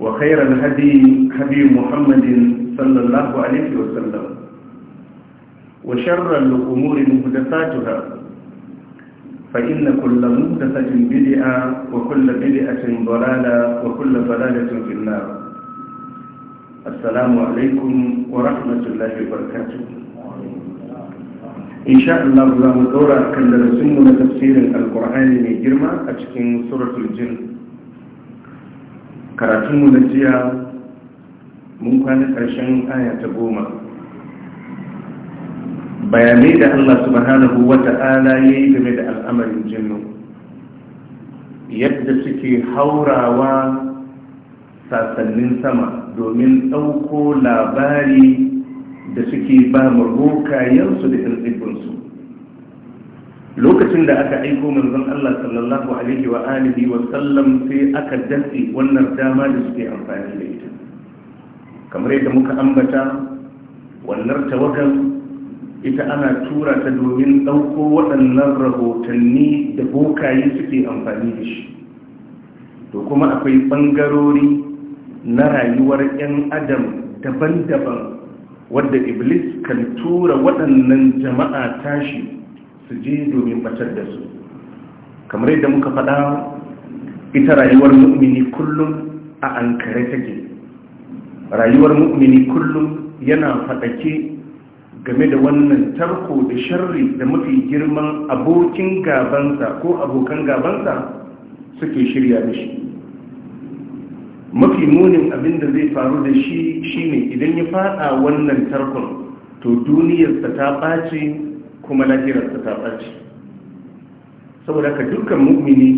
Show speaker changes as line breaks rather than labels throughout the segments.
وخير الهدي هدي محمد صلى الله عليه وسلم وشر الأمور مهدفاتها فإن كل مهدفة بدئة وكل بدئة ضلالة وكل ضلالة في النار السلام عليكم ورحمة الله وبركاته إن شاء الله الله دورا كان لرسمنا تفسير القرآن من جرمى أتكين سورة الجن karatunmu na jiya mun kwana ƙarshen aya ta goma bayanai da allah subhanahu wa ta'ala ya yi game da al'amarin jinnu yadda suke haurawa sasannin sama domin ɗauko labari da suke ba mu rokayensu da ɗin lokacin da aka aiko manzon Allah sallallahu alaihi wa alihi wa sallam sai aka dace wannan dama da suke amfani da ita kamar yadda muka ambata wannan tawagal ita ana tura ta domin ɗauko waɗannan rahotanni da bokaye suke amfani da shi to kuma akwai ɓangarori na rayuwar 'yan adam daban-daban wadda iblis kan tura waɗannan jama'a tashi su je domin batar da su kamar yadda muka faɗa ita rayuwar mu'mini kullum a ankare take rayuwar mu'mini kullum yana faɗake game da wannan tarko da sharri da mafi girman abokin gabansa ko abokan gabansa suke shirya da shi mafi munin abin da zai faru da shi shine idan ya faɗa wannan tarkon to duniyarsa ta ɓace kuma lahirar ta ɓaci saboda ka dukkan mu'mini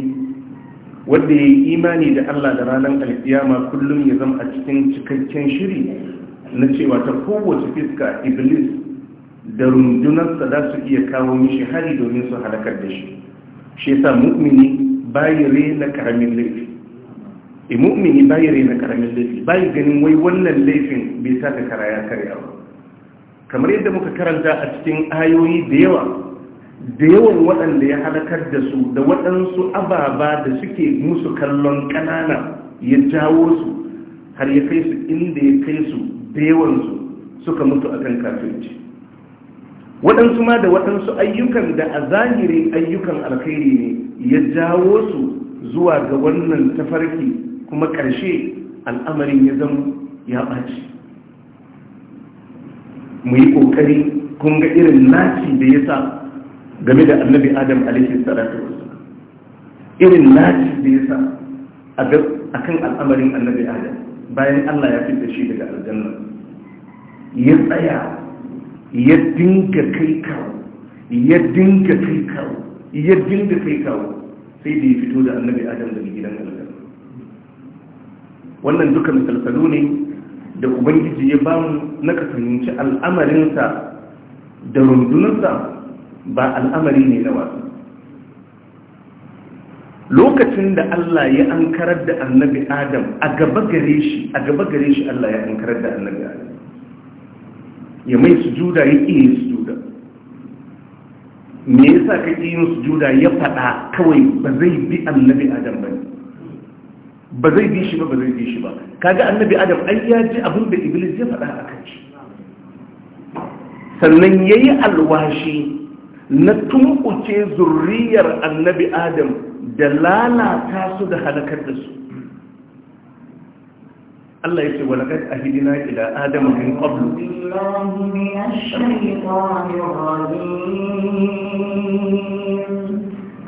wanda ya yi imani da Allah da ranar alkiyama kullum ya zama a cikin cikakken shiri na cewa ta kowace fiska iblis da rundunarsa za su iya kawo mishi hari domin su halakar da shi shi yasa mu'mini bayi rena karamin laifi e mu'mini bayi rena karamin laifi bayi ganin wai wannan laifin bai sa ka karaya karyawa kamar yadda muka karanta a cikin ayoyi da yawa da yawan waɗanda ya halakar da su da waɗansu ababa da suke musu kallon ƙanana ya jawo su har ya kai su inda ya kai su da yawansu suka mutu akan kafirci waɗansu ma da waɗansu ayyukan da a zahirin ayyukan alkhairi ne ya jawo su zuwa ga wannan tafarki kuma ƙarshe al'amarin ya zama ya ɓaci mu yi kokari kun ga irin naci da ya sa game da annabi adam alaihi salatu wasu, irin naci da ya sa a kan al'amarin annabi adam bayan Allah ya fitar shi daga aljanna ya tsaya ya dinga kai kawo ya dinga kai kawo ya dinga kai kawo sai da ya fito da annabi adam daga gidan aljanna wannan duka misalsalu ne da ubangiji ya ba mu na kasance al'amarinsa da rundunarsa ba al'amari ne na wasu lokacin da Allah ya ankarar da annabi Adam a gaba gare shi a gaba gare shi Allah ya ankarar da annabi Adam ya mai sujuda ya ƙi yin sujuda me yasa ka ƙi yin sujuda ya faɗa kawai ba zai bi annabi Adam ba ne ba zai bi shi ba ba zai bi shi ba kaga annabi adam ai ya ji abin da iblis ya faɗa a kan shi sannan yayi alwashi na tumkuce zurriyar annabi adam da lalata su da halakar da su Allah ya ce wa laqad ahidina ila adama min qablu
billahi minash shaitanir rajim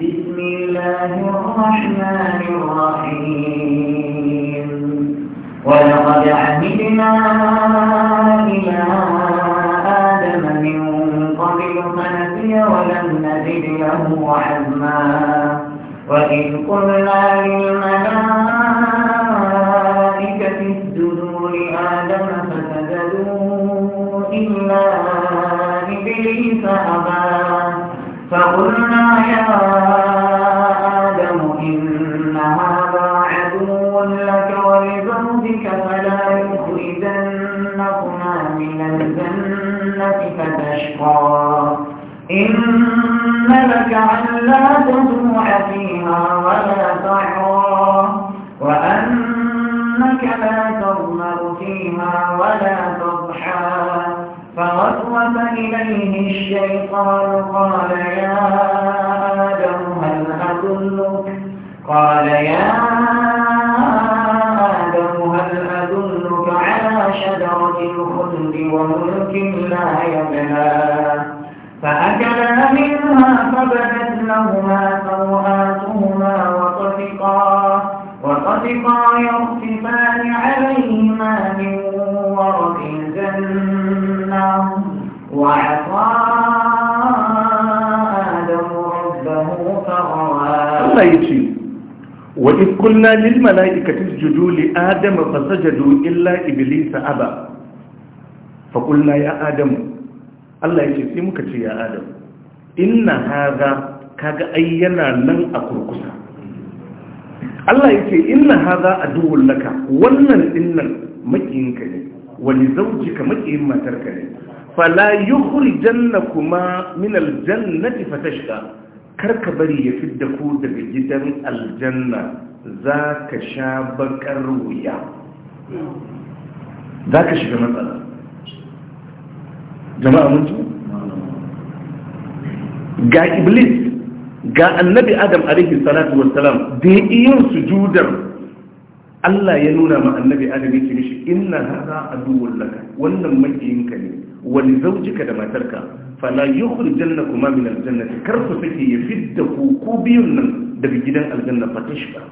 بسم الله الرحمن الرحيم ولقد عهدنا إلى آدم من قبل فنسي ولم نجد له عزما وإذ قلنا للملائكة اسجدوا لآدم فسجدوا إلا إبليس أبى فقلنا يا آدم إن هذا عدو لك ولزوجك فلا يخرجنكما من الجنة فتشقى إن لك ألا تجوع فيها ولا تعرى وأنك لا تغمر فيها ولا فوسوس إليه الشيطان قال يا آدم هل أدلك قال يا آدم هل أدلك على شجرة الخلد وملك لا يبلى فأكلا منها فبدت لهما سوآتهما وطفقا وقطفا يرتبان عليهما من ورق الجنة وعطا آدم ربه فغوى الله
يجيب وإذ قلنا للملائكة اسجدوا لآدم فسجدوا إلا إبليس أبى فقلنا يا آدم الله يجيب يا آدم إن هذا kaga أينا لن nan Allah yake inna a aduwwul laka wannan dinnan makiyinka ne wani zaujika makiyin matarka ne fala kuma min aljannati fatashqa karka bari ya fidda ku daga gidan aljanna ka sha bakar wuya ka shiga matsala jama'a mun ga iblis ga annabi adam alaihi salatu wassalam da yin sujudar Allah ya nuna ma annabi adam ya yake mishi inna hadha aduwwul laka wannan makiyinka ne wa li zawjika da matarka fala yukhrijannakuma min aljannati kar ku sake ya fidda ku ku biyun nan daga gidan aljanna fatishka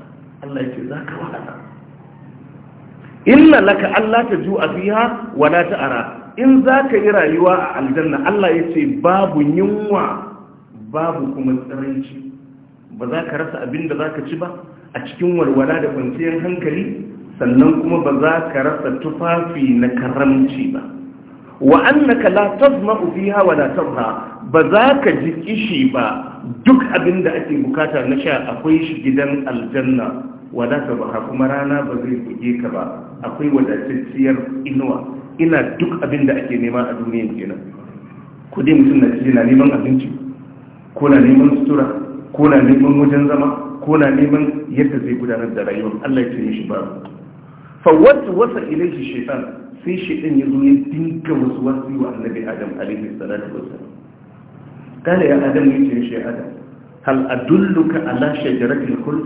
Allah ya ce yake zaka wahala inna laka Allah ta ju'a fiha wa la ta'ara in za ka yi rayuwa a aljanna Allah ya ce babu yunwa babu kuma tsaranci ba za ka rasa abin da za ka ci ba a cikin walwala da kwanciyar hankali sannan kuma ba za ka rasa tufafi na karamci ba wa'annaka la tazma'u fiha wa la tarha ba za ka ji kishi ba duk abin da ake bukata na sha akwai shi gidan aljanna Wala ba kuma rana ba zai buge ka ba akwai wadatacciyar inuwa ina duk abin da ake nema a duniyan kenan kudi mutum na na neman abinci ko na neman sutura ko na neman wajen zama ko na neman yadda zai gudanar da rayuwar Allah ya tsare shi ba fa wasu wasa ilaihi shaytan sai shaytan ya zo ya dinka wasu wasu wa annabi adam alaihi salatu wassalam kana ya adam yace shi adam hal adulluka ala shajaratil khuld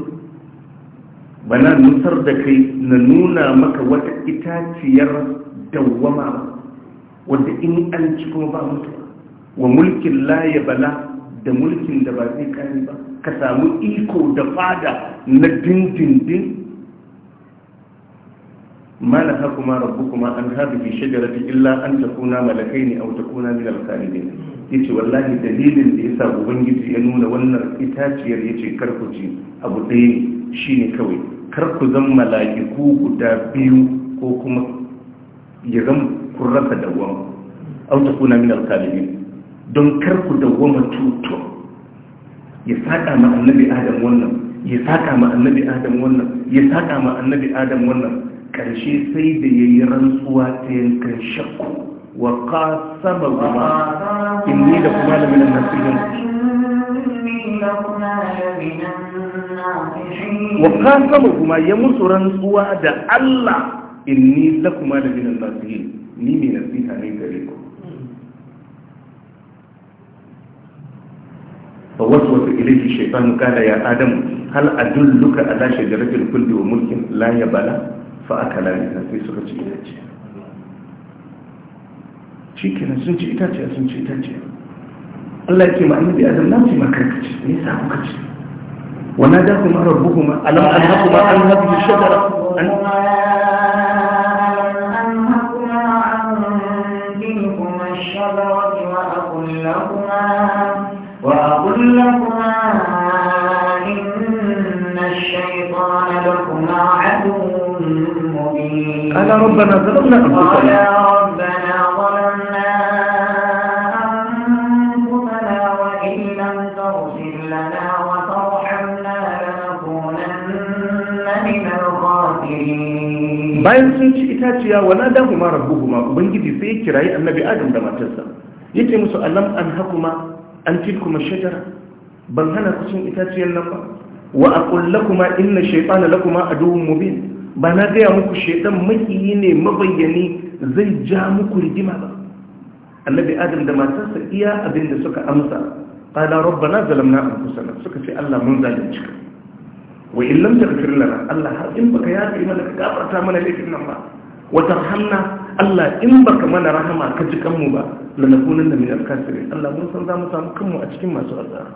bana nusar da kai na nuna maka wata itaciyar dawwama wadda in an ci kuma ba mutu wa mulkin laye bala da mulkin da ba zai kare ba ka samu iko da fada na dindindin mana na haku ma rabu kuma an haɗu ke shagarati illa an takuna malakai ne a wata kuna min alkalibin ya ce wallahi dalilin da ya sa ubangiji ya nuna wannan itaciyar ya ce ji abu ɗaya shi ne kawai karku zan mala'iku guda biyu ko kuma ya zan kurrasa da wani kuna min alkalibin don karku da goma tuto ya saƙa ma annabi adam wannan ya saƙa ma annabi adam wannan ya saƙa ma annabi adam wannan ƙarshe sai da ya yi rantsuwa ta yankan shakku wa ƙasama goma inni da kuma da minan nasirin
wa ƙasama goma ya musu
rantsuwa da allah inni la kuma da minan yin? ni mai nasiha ne gare ku Ka wasu wasu, Ilaji, shaiɗanu, ƙadaya, Adamu, hal'adun Luka, a lashe jaridar kundi wa mulkin laya-bala, fa a kalar na sai suka cika ta ci. Cikin sunci itace sunci itace. Allah ke ma'aimbi Adamu na taimaka, kace me yasa kuka cika? Wani adadin marar bugu ma? Alam Allah ku ma ya
قال ربنا ظلمنا أنفسنا bayan
sun ci itaciya wa rabu kuma ubangiji sai ya kirayi annabi adam da matarsa yace musu alam an hakuma an tilkuma shajara ban hana ku cin itaciyar nan ba wa aqul lakuma inna shaytana lakuma aduwwun mubin ba na gaya muku shaidan makiyi ne mabayyani zai ja muku rigima ba annabi adam da matarsa iya abin da suka amsa qala rabbana zalamna anfusana suka ce Allah mun zalunci ka wa in lam taghfir lana Allah har in baka yafi mana ka gabata mana laifin nan ba wa tarhamna Allah in baka mana rahama ka ji kanmu ba lanakunanna min al-kafirin Allah mun san za mu samu kanmu a cikin masu azaba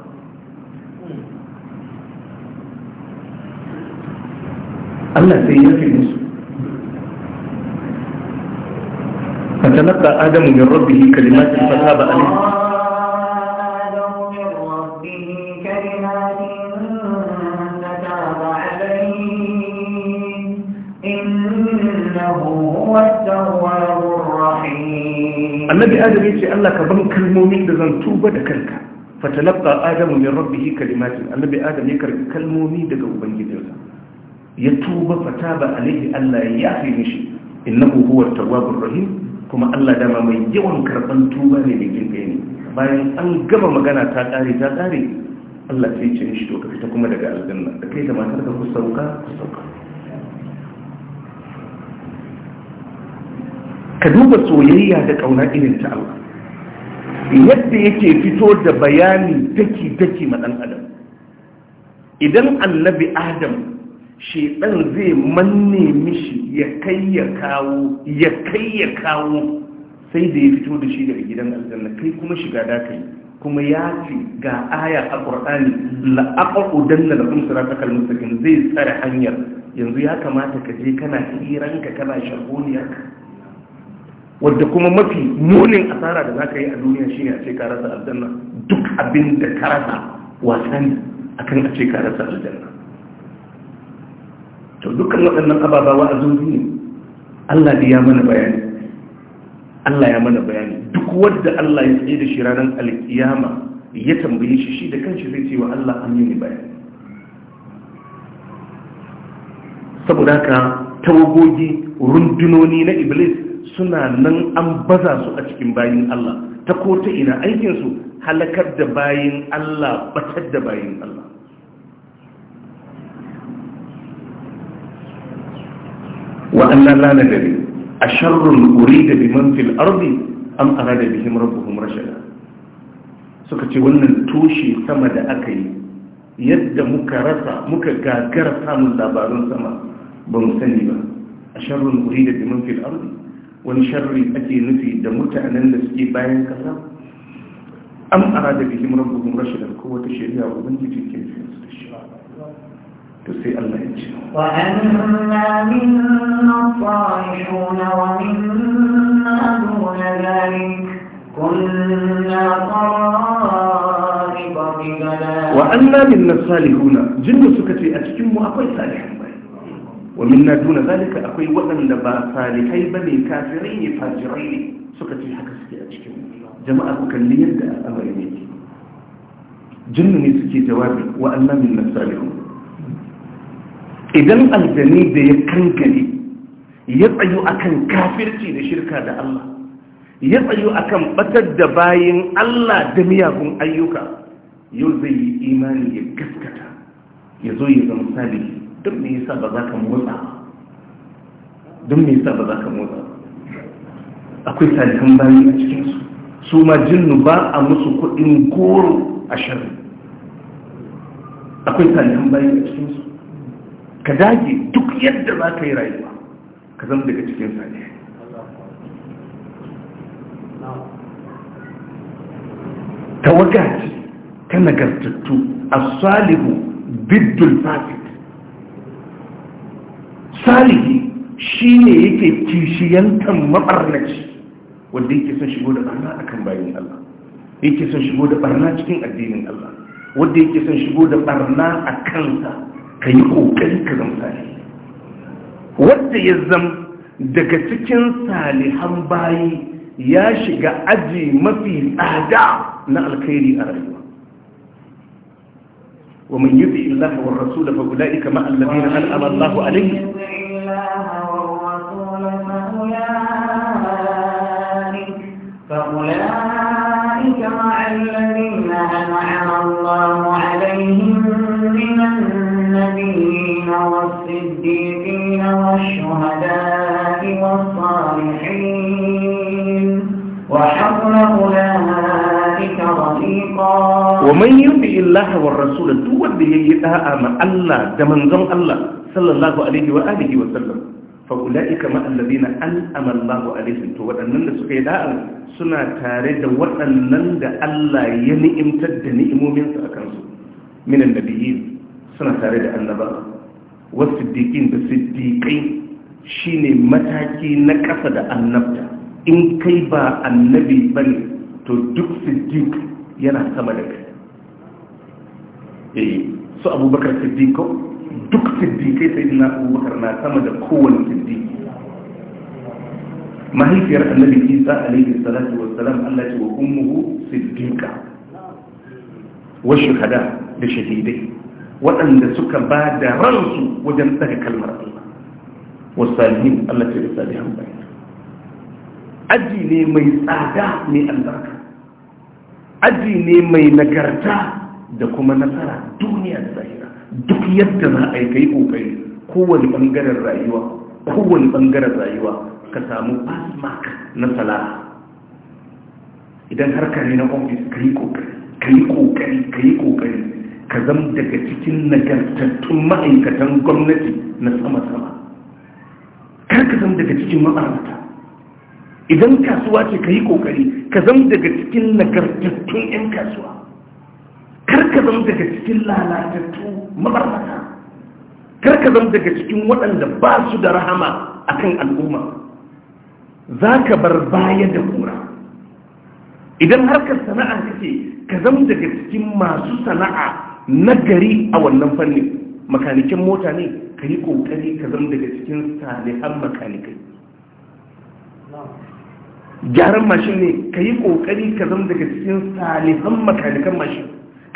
أن سيئة في المسلم فتلقى آدم من ربه كلمات فتاب
عليه النبي آدم يقول الله
كبن كلمومي دزان توبة دكالك فتلقى آدم من ربه كلمات النبي آدم يكرم كلمومي دقوبا جديدا ya tuba fata ba alaihi Allah ya yafe mishi innahu huwa tawwabur rahim kuma Allah dama mai yawan karban tuba ne da kin ne bayan an gaba magana ta kare ta kare Allah sai ce mishi to ka fita kuma daga aljanna da kai da matar ka ku sauka ku sauka ka duba soyayya da kauna irin ta Allah yadda yake fito da bayani take take ma dan adam idan annabi adam shedan zai manne mishi ya kai ya kawo ya kai ya kawo sai da ya fito da shi daga gidan aljanna kai kuma shiga da kai kuma ya ce ga aya a ƙur'ani la'aƙaƙo don na da kumsura ta kalmusakin zai tsare hanyar yanzu ya kamata ka je kana hiranka kana shagoniyar. wadda kuma mafi munin asara da za ka yi a duniya shi ne a ce ka aljanna duk abin da ka rasa wasa ne akan a ce ka aljanna to dukkan waɗannan ababa wa'azozi ne Allah ya mana bayani Allah ya mana bayani duk wadda Allah ya tsaye da shi ranar alkiyama ya tambaye shi shi da kanshi zai ce wa Allah an yi bayani saboda ka tawagogi rundunoni na iblis suna nan an baza su a cikin bayin Allah ta ko ta ina aikinsu halakar da bayin Allah batar da bayin Allah waɗannan ranar da ne a sharrun wuri da biman fil arbi an ara da bihim rabbuhum rashada suka ce wannan tushe sama da aka yi yadda muka rasa muka gagara samun labarun sama ba mu sani ba a sharrun wuri da biman fil arbi wani sharri ake nufi da mutanen da suke bayan kasa an ara da bihim rabbuhum rashada kowace wata shari'a ubangiji ke fi تسيء الله وأنا
منا الصالحون ومنا دون ذلك كنا طرائق ببلاء وأنا
منا الصالحون جن سكتي أتكم أقوي صالح ومنا دون ذلك أقوي وأنا با صالحي بني كافرين فاجرين سكتي حكسكي أتكم جماعة كلية أمر جن سكي جوابي وأنا منا الصالحون idan aljani da ya kankare ya tsayo akan kafirci da shirka da Allah ya tsayo akan batar da bayin Allah da miyagun ayyuka yau zai yi imani ya gaskata ya zo ya zama sabi don me yasa ba za ka motsa don me yasa ba za ka motsa akwai salihan bayi a cikinsu su ma jinnu ba a musu kudin goro a shari akwai salihan bayi a cikinsu ka dage duk yadda za ka yi rayuwa ka zama daga cikin sani tawaga ce ta nagartattu a salihu biddul fasit salihi shi ne yake kishiyantar mabarnaci wanda yake son shigo da barna kan bayan Allah yake son shigo da barna cikin addinin Allah wanda yake son shigo da barna a kansa ka yi ƙoƙari ka zama salihi wadda ya zama daga cikin salihan bayi ya shiga aji mafi tsada na alkhairi a rayuwa wa man yuti illaha wa rasul fa ulaika ma alladhina an'ama Allahu alaihim
فأولئك مع الذين أنعم الله عليهم من والصديقين والشهداء والصالحين وحسن أولئك رفيقا ومن
يطع الله والرسول تود يدعى مع الله دمن زم الله صلى الله عليه وآله وسلم فأولئك ما الذين أنعم الله عليهم تودنن سكي داء سنا تاري دا ودنن دا الله ينئم تدني إمومين من من النبيين سنة تاري أن النبأ wasu siddiƙin da siddiƙai shine mataki na ƙasa da annabta in kai ba annabi ba ne, to duk siddiq yana sama da kai eh su abubakar siddiqo duk siddiqai sai na abubakar na sama da kowane siddiqi mahaifiyar annabi isa alaihi salatu wa salam Allah ce wa ummuhu siddiqa wa shuhada da shahidai waɗanda suka ba da ransu wajen daga kalmar Allah wasalihin Allah ce da salihan bayan aji ne mai tsada mai albarka aji ne mai nagarta da kuma nasara duniya da zahira duk yadda za a yi kai kokari kowane ɓangaren rayuwa kowane ɓangaren rayuwa ka samu pasmark na salaha idan harka ne na ofis ka yi kokari ka yi kokari ka yi kokari ka zama daga cikin nagartattun ma'aikatan gwamnati na sama-sama kar ka zama daga cikin ma'aikata idan kasuwa ce ka yi kokari ka zama daga cikin nagartattun 'yan kasuwa kar ka zama daga cikin lalatattu ma'aikata kar ka zama daga cikin waɗanda ba su da rahama a kan al'umma za ka bar baya da kura idan harkar sana'a kake ka zama daga cikin masu sana'a nagari a wannan fanni makanikin mota ne ka yi kokari ka zama daga cikin salihan makanikai gyaran mashin ne ka yi kokari ka zama daga cikin salihan makanikan mashin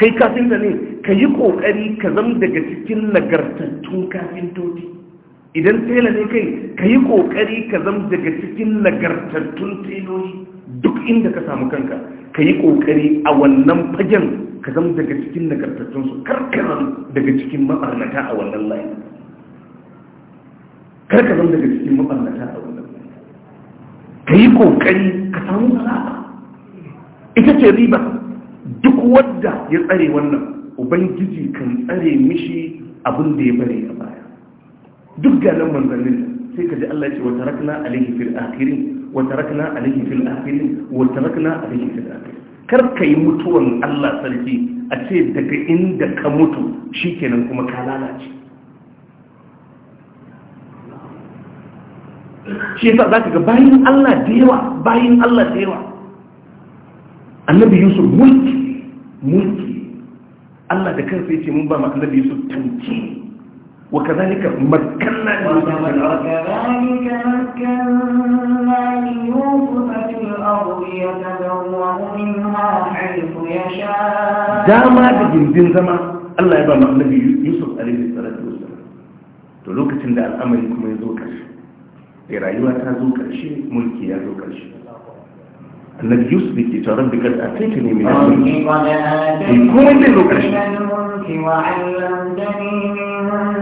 kai kafinta ne ka yi kokari ka zama daga cikin nagartattun kafintoti idan tela ne kai ka yi kokari ka zama daga cikin nagartattun teloli duk inda ka samu kanka ka yi kokari a wannan fagen ka zama daga cikin nagartattunsu karkaran daga cikin mabarnata a wannan layi karkaran daga cikin mabarnata a wannan layi ka yi kokari ka samu sana'a ita ce riba duk wadda ya tsare wannan ubangiji kan tsare mishi abin da ya bare a baya duk ganin manzannin sai ka ji Allah ce wata rakna alaihi fil akhirin wata rakna alaihi fil akhirin wata rakna alaihi fil akhirin kar ka yi mutuwan Allah sarki a ce daga inda ka mutu shikenan kuma ka lalace shi yasa za ka ga bayin Allah da yawa bayin Allah da yawa annabi yusuf mulki mulki Allah da kansa ya ce mun ba ma annabi yusuf tanki وكذلك مكنا وكذلك
مكنا ليوسف في الأرض يتبوأ منها حيث يشاء داما تجنزين
زمان الله يبقى النبي يوسف عليه الصلاة والسلام تلوك تندى الأمر كما يزوكش رأيوها تزوكش ملكي يزوكش أنك يثبت إشارات قد أتيتني من الملك في
وعلمتني من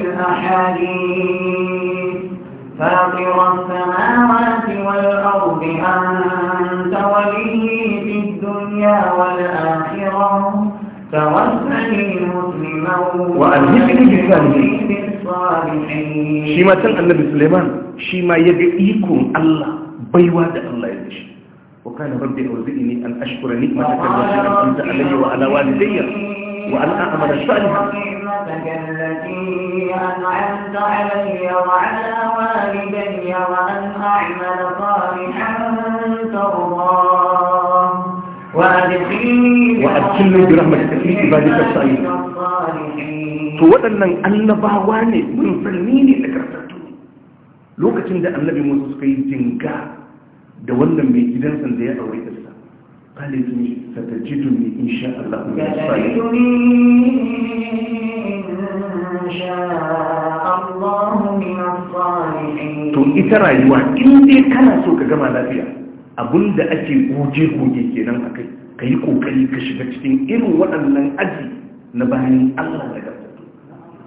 الأحاديث فاطر السماوات والأرض أنت ولي في الدنيا والآخرة مسلما بالصالحين شيما النبي
سليمان شيما الله baiwa الله Allah وكان ربي أوزئني أن أشكر نعمتك التي أنعمت علي وعلى والدي وأن أعمل صالحا
نعمتك التي أنعمت علي وعلى والدي وأن أعمل صالحا ترضاه وأدخلني برحمتك في عبادك الصالحين
to waɗannan annabawa ne mun ne lokacin da annabi musu suka yi jinga da wannan mai gidansa da ya aure ɗarsa قالتني ستجدني إن شاء الله من
الصالحين to ita rayuwa in dai kana so ka
gama lafiya abinda ake goge goge kenan a kai ka yi kokari ka shiga cikin irin waɗannan aji na bayan Allah da gaskatu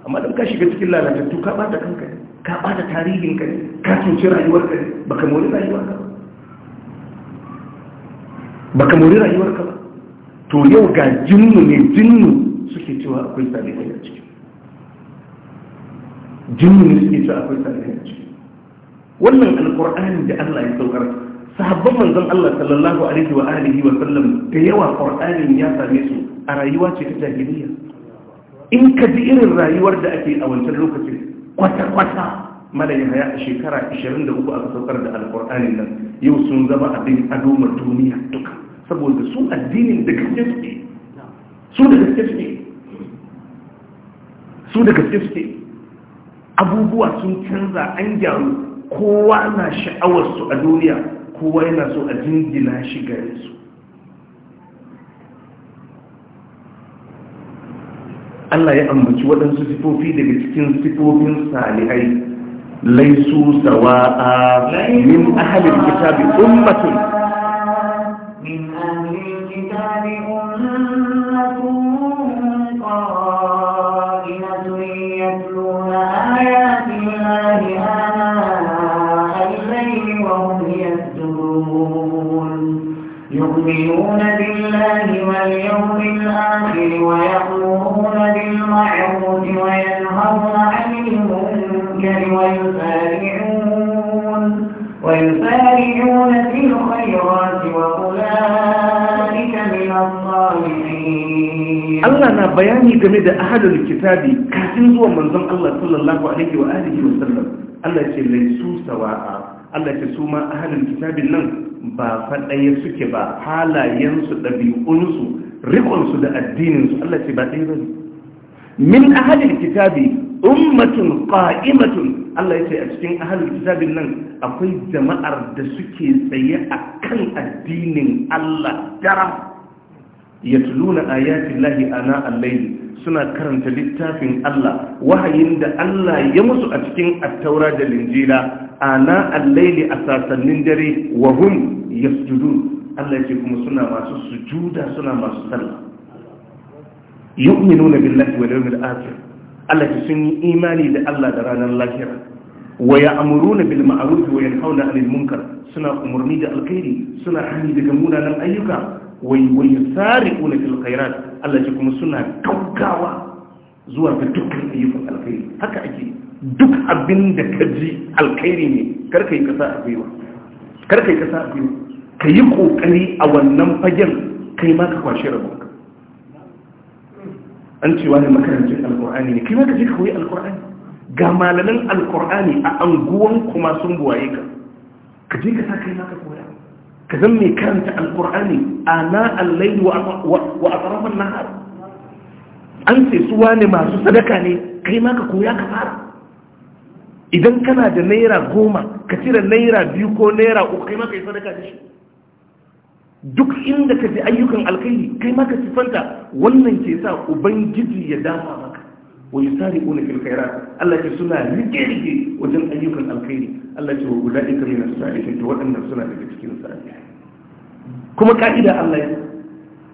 amma don ka shiga cikin lalatattu ka bata kanka ne ka bada tarihin ka ka cuci rayuwar ka baka mori rayuwar ka baka mori rayuwar ka ba to yau ga jinnu ne jinnu suke cewa akwai salihai a ciki jinnu ne suke cewa akwai salihai a ciki wannan alkur'ani da Allah ya saukar sahabban manzon Allah sallallahu alaihi wa alihi wa sallam da yawa qur'anin ya same su a rayuwa ce ta jahiliya in ka ji irin rayuwar da ake a wancan lokacin kwata-kwata malayin haya a shekara 23 aka saukar da alkur'anin nan yau sun zama abin adomar duniya duka saboda su addinin da gaske suke su da gaske suke su da gaske suke abubuwa sun canza an gyaru kowa na sha'awarsu a duniya kowa yana so a jingina shi gare su Allah ya ambaci waɗansu sifofi daga cikin sifofin salihai laisu sawa'a min ahalin kitabi ummatun
min ahalin kitabi ummatun qa'inatun yatluna ayati llahi ana al-layli wa hum yasjudun yu'minuna billahi wal yawmil akhir wa yaquluna بالمعروف وينهون عن المنكر ويسارعون ويسارعون في الخيرات وأولئك من الصالحين Allah na bayani
game da ahalul kitabi kafin zuwa manzon Allah sallallahu alaihi wa alihi wa sallam Allah ce lai su sawa'a Allah ce su ma ahalul kitabin nan ba faɗaya suke ba halayensu ɗabi'unsu riƙonsu da addinin Allah ce ba ɗaya ba ne min ahalin kitabi ummatun qa'imatun Allah ya ce a cikin ahalin kitabin nan akwai jama'ar da suke tsaye kan addinin Allah daram yatluna ayatin lahi ana al suna karanta littafin Allah wahayin da Allah ya musu a cikin attaura da Linjira ana al a sasannin dare wa hum yasjudun Allah ya ce kuma suna masu sujuda suna masu sallah yu'minuna billahi wal yawmil akhir Allah ya sun yi imani da Allah da ranar lahira wa ya'muruna bil ma'ruf wa yanhauna 'anil munkar suna umurni da alkhairi suna hani daga munanan ayyuka wa yusari'una fil khairat Allah ya kuma suna gaggawa zuwa ga dukkan ayyukan alkhairi haka ake duk abin da ka ji alkhairi ne karka yi kasa a gwiwa karka yi kasa a gwiwa ka yi kokari a wannan fagen kai ma ka kwashe rabonka an cewa ne makarancin alkur'ani ne kai ma ka je ka koyi alkur'ani ga malamin alkur'ani a anguwan kuma sun buwaye ka ka je ka sa kai ma ka koya ka zan mai karanta alkur'ani ana allai wa atrafan nahar an ce suwa ne masu sadaka ne kai ma ka koya ka fara idan kana da naira goma ka cire naira biyu ko naira uku kai ma ka yi sadaka da shi duk inda ka ji ayyukan alkhairi kai maka sifanta wannan ke sa ubangiji ya dama maka wa yusari'una na khairat Allah ke suna rike rike wajen ayyukan alkhairi Allah ce wa guda ulaika min as-salihin ta waɗannan suna daga cikin salihai kuma ka'ida Allah ya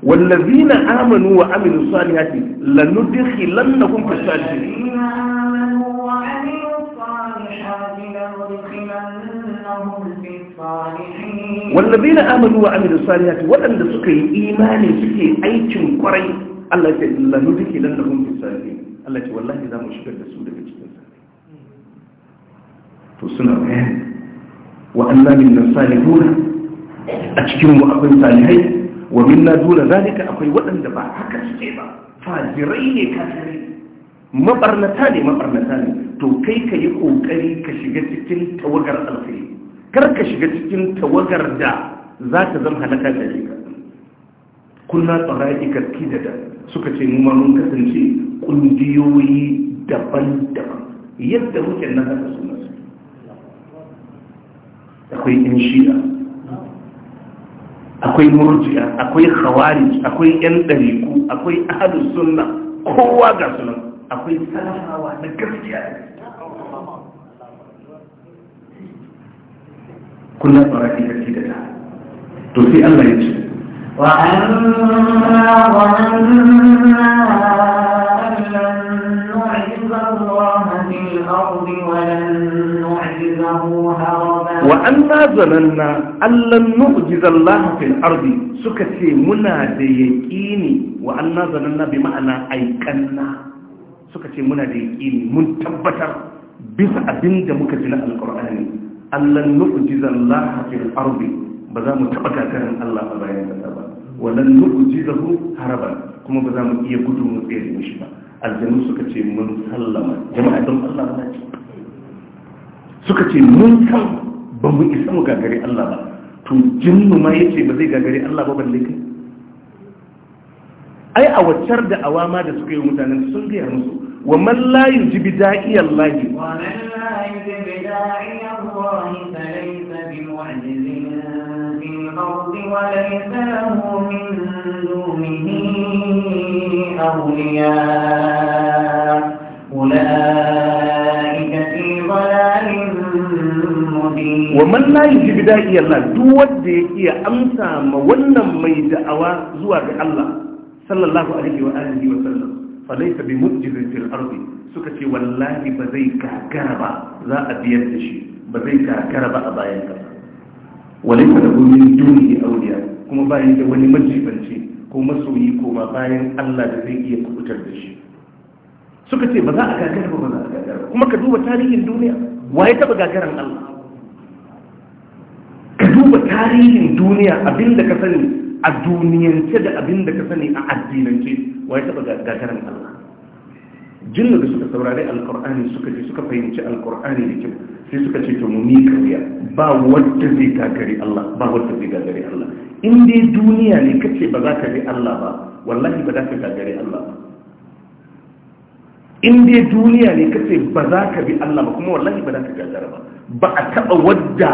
wallazina amanu wa amilus salihati lanudkhilannahum fis salihin
wanda bai na amalu
wa amalin saniyati waɗanda suka yi imani suke aikin kwarai Allah ce lullu duke nan da mun fi sani Allah ce wallahi za mu shigar da su daga cikin sani to suna ne wa Allah min nan salihun a cikin mu akwai salihai wa min na dula zalika akwai waɗanda ba haka suke ba fajirai ne kafirai mabarnata ne mabarnata ne to kai ka yi kokari ka shiga cikin tawagar alfiri kar ka shiga cikin tawagar da za ta zama halaka da shi. yi karki da da suka ce mu mun kasance kungiyoyi daban-daban yadda muke nan haka suna su akwai yan shida, akwai murjiya akwai khawarij akwai yan dariku akwai ahlus sunna kowa ga sunan akwai salafawa na gaskiya kullum tsara ki kake وأنا
ظننا أن لن نعجز الله في الأرض ولن نعجزه anna وأنا
ظننا أن لن نعجز الله في الأرض سكتي منا ديكيني وأنا ظننا بمعنى أيكنا سكتي منا ديكيني من تبتر بس أبند مكتنا القرآن allan nu'jizan laha arbi ba za mu taba kakarin Allah a bayan kasa ba walan nu'jizahu haraba kuma ba za mu iya gudu mu da mishi ba aljanu suka ce mun sallama jama'a don Allah ba suka ce mun san ba mu isa mu gagare Allah ba to jinnu ma yace ba zai gagare Allah ba balle kai ai a waccar da awama da suka yi mutanen sun gaya musu wa man la yujibu da'i Allah wa man la
yujibu da'i Allah fa laysa bi mu'jizin fil ardi wa laysa lahu min dunihi awliya wa man
duk wanda ya iya amsa ma wannan mai da'awa zuwa ga Allah falaita bi fil ardi suka ce wallahi ba zai gagara ba za a biyar da shi ba zai gagara ba a bayan walaita da gumin duniya auliya kuma bayan da wani majibanci ko masoyi ko ba bayan Allah da zai iya kubutar da shi suka ce ba za a gagara ba ba za a gagara kuma ka duba tarihin duniya waye taba gagaran Allah ka duba tarihin duniya abinda ka sani a duniyance da abin da ka sani a addinance wai taɓa gagarin Allah jinnu da suka saurari alkur'ani suka ce suka fahimci alkur'ani da kyau sai suka ce to mu ni kariya ba wanda zai gagari Allah ba wanda zai gagari Allah in dai duniya ne kace ba za ka bi Allah ba wallahi ba za ka gagari Allah ba in dai duniya ne kace ba za ka bi Allah ba kuma wallahi ba za ka gagara ba ba a taba wadda